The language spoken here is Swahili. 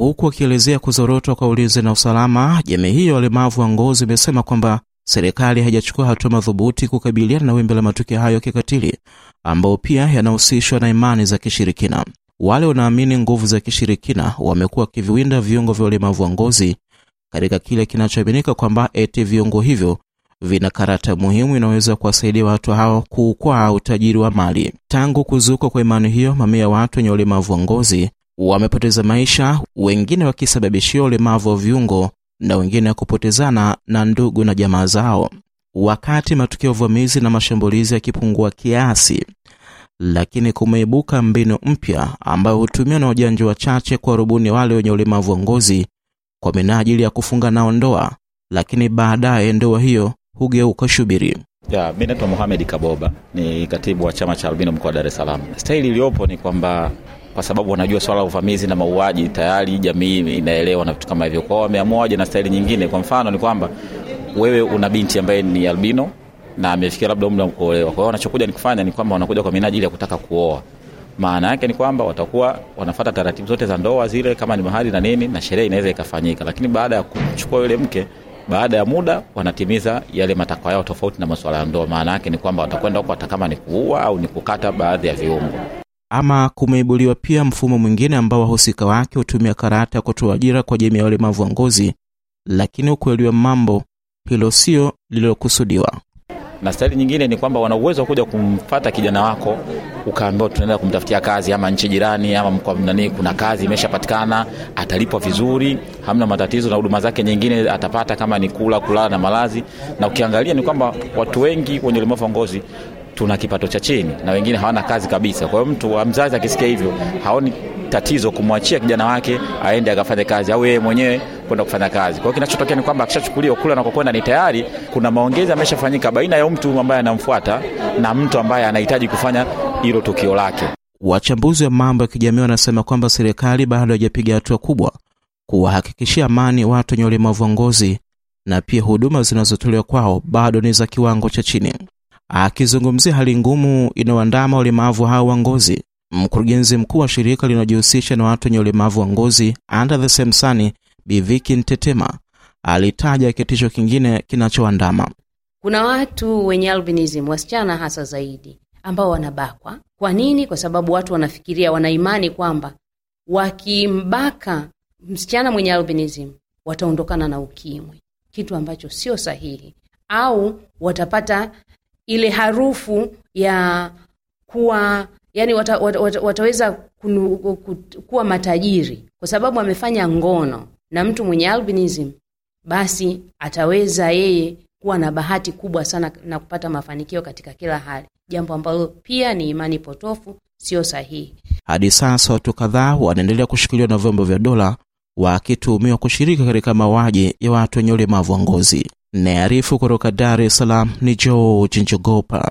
huku akielezea kuzorotwa kwa ulinzi na usalama. Jamii hiyo walemavu wa ngozi imesema kwamba serikali haijachukua hatua madhubuti kukabiliana na wimbi la matukio hayo kikatili, ambayo pia yanahusishwa na imani za kishirikina. Wale wanaamini nguvu za kishirikina wamekuwa wakiviwinda viungo vya ulemavu wa ngozi katika kile kinachoaminika kwamba eti viungo hivyo vina karata muhimu inaweza kuwasaidia watu hao kuukwaa utajiri wa mali. Tangu kuzuka kwa imani hiyo, mamia ya watu wenye ulemavu wa ngozi wamepoteza maisha, wengine wakisababishiwa ulemavu wa viungo na wengine kupotezana na ndugu na jamaa zao, wakati matukio ya uvamizi na mashambulizi yakipungua kiasi, lakini kumeibuka mbinu mpya ambayo hutumiwa na wajanja wachache kwa rubuni wale wenye ulemavu wa ngozi kwa minajili ya kufunga nao ndoa, lakini baadaye ndoa hiyo hugeuka shubiri. Ya, mi naitwa muhamedi Kaboba, ni katibu wa chama cha albino mkoa wa dares salam Staili iliyopo ni kwamba kwa sababu wanajua swala la uvamizi na mauaji tayari jamii inaelewa na vitu kama hivyo. Kwao wameamua waje na staili nyingine. Kwa mfano ni kwamba wewe una binti ambaye ni albino na amefikia labda umri wa kuolewa. Kwa hiyo wanachokuja ni kufanya ni kwamba wanakuja kwa minajili ya kutaka kuoa. Maana yake ni kwamba watakuwa wanafata taratibu zote za ndoa zile, kama ni mahali na nini, na sherehe inaweza ikafanyika, lakini baada ya kuchukua yule mke baada ya muda wanatimiza yale matakwa yao tofauti na masuala ya ndoa. Maana yake ni kwamba watakwenda huko hata kama ni kuua au ni kukata baadhi ya viungo. Ama kumeibuliwa pia mfumo mwingine ambao wahusika wake hutumia karata ya kutoa ajira kwa jamii ya walemavu wa ngozi, lakini ukweli wa mambo hilo sio lililokusudiwa na staili nyingine ni kwamba wana uwezo wa kuja kumfata kijana wako ukaambiwa tunaenda kumtafutia kazi ama nchi jirani ama mkoa nani, kuna kazi imeshapatikana, atalipwa vizuri, hamna matatizo, na huduma zake nyingine atapata kama ni kula, kulala na malazi. Na ukiangalia ni kwamba watu wengi wenye ulemavu wa ngozi tuna kipato cha chini na wengine hawana kazi kabisa. Kwa hiyo mtu mzazi akisikia hivyo haoni tatizo kumwachia kijana wake aende akafanye kazi au yeye mwenyewe kwenda kufanya kazi. Kwa hiyo kinachotokea ni kwamba akishachukuliwa kule anakokwenda ni tayari kuna maongezi ameshafanyika baina ya mtu ambaye anamfuata na mtu ambaye anahitaji kufanya hilo tukio lake. Wachambuzi wa mambo ya kijamii wanasema kwamba serikali bado haijapiga hatua kubwa kuwahakikishia amani watu wenye ulemavu wa ngozi na pia huduma zinazotolewa kwao bado ni za kiwango cha chini. Akizungumzia hali ngumu inayoandama walemavu hao wa ngozi, mkurugenzi mkuu wa shirika linalojihusisha na watu wenye ulemavu wa ngozi Under the Same Sun, biviki Ntetema alitaja kitisho kingine kinachoandama. Kuna watu wenye albinism, wasichana hasa zaidi, ambao wanabakwa. Kwa nini? Kwa sababu watu wanafikiria, wanaimani kwamba wakimbaka msichana mwenye albinism wataondokana na ukimwi, kitu ambacho sio sahihi, au watapata ile harufu ya kuwa yani wata, wata, wata, wataweza kunu, kuwa matajiri kwa sababu amefanya ngono na mtu mwenye albinism, basi ataweza yeye kuwa na bahati kubwa sana na kupata mafanikio katika kila hali, jambo ambalo pia ni imani potofu, siyo sahihi. Hadi sasa watu kadhaa wanaendelea kushikiliwa na vyombo vya dola wakituhumiwa kushiriki katika mawaji ya watu wenye ulemavu wa ngozi. Naarifu kutoka Dar es Salaam ni George Njogopa.